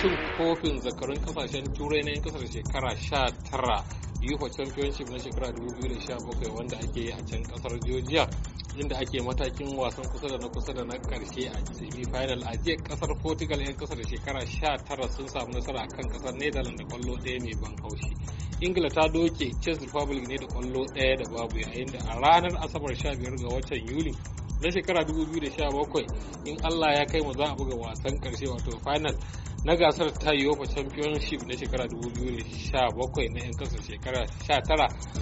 cin kofin zakarun kasashen turai na 'yan kasar shekara 19 UEFA championship na shekara 2017 wanda ake yi a can kasar georgia inda ake matakin wasan kusa da na kusa da na karshe a semi-final a jiya kasar portugal 'yan kasar shekara 19 sun samu nasara kan kasar netherlands da kwallo ɗaya mai ban haushi ingila ta doke chess republic ne da kwallo ɗaya da babu yayin da a ranar asabar 15 ga watan yuli na shekara 2017 in Allah ya kai mu za a buga wasan karshe wato final na gasar ta UEFA Championship na shekara 2017 na 'yan kasar shekara 19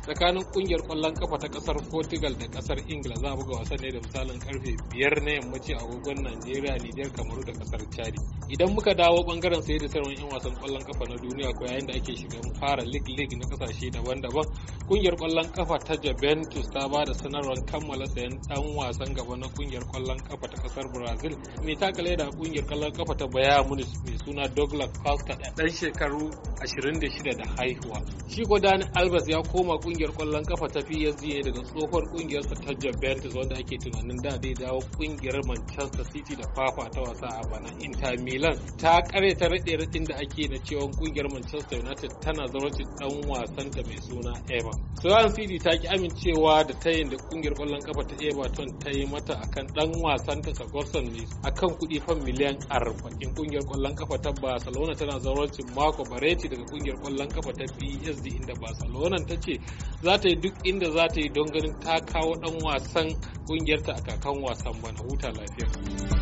tsakanin kungiyar kwallon kafa ta kasar Portugal da kasar Ingila za buga wasa ne da misalin karfe 5 na yammaci a agogon Nigeria Nijar, Kamaru da kasar Chadi. Idan muka dawo bangaren sayar da sarwan 'yan wasan kwallon kafa na duniya ko yayin da ake shiga fara league league na kasashe daban-daban kungiyar kwallon kafa ta Juventus ta ba da sanarwar kammala sayan dan wasan gaba na kungiyar kwallon kafa ta kasar Brazil mai takale da kungiyar kwallon kafa ta Bayern suna Douglas Costa ɗan shekaru 26 da haihuwa. Shi ko Dani Alves ya koma kungiyar kwallon kafa ta PSG daga tsohuwar sa ta Juventus wanda ake tunanin da zai dawo kungiyar Manchester City da fafa ta wasa a bana Inter Milan ta kare ta rade radin da ake na cewa kungiyar Manchester United tana zaurata dan wasan ta mai suna Eva. Swan City ta ki amincewa da tayin da kungiyar kwallon kafa ta Everton ta yi mata akan dan wasan ta Sagorson ne akan kuɗi fan miliyan 40 kungiyar kwallon kafa tabbatar barcelona tana zaurancin mako bareti daga kungiyar kwallon kafa ta psd inda barcelona ta ce za ta yi duk inda za ta yi don ganin ta kawo dan wasan kungiyarta a kakan wasan bana huta lafiya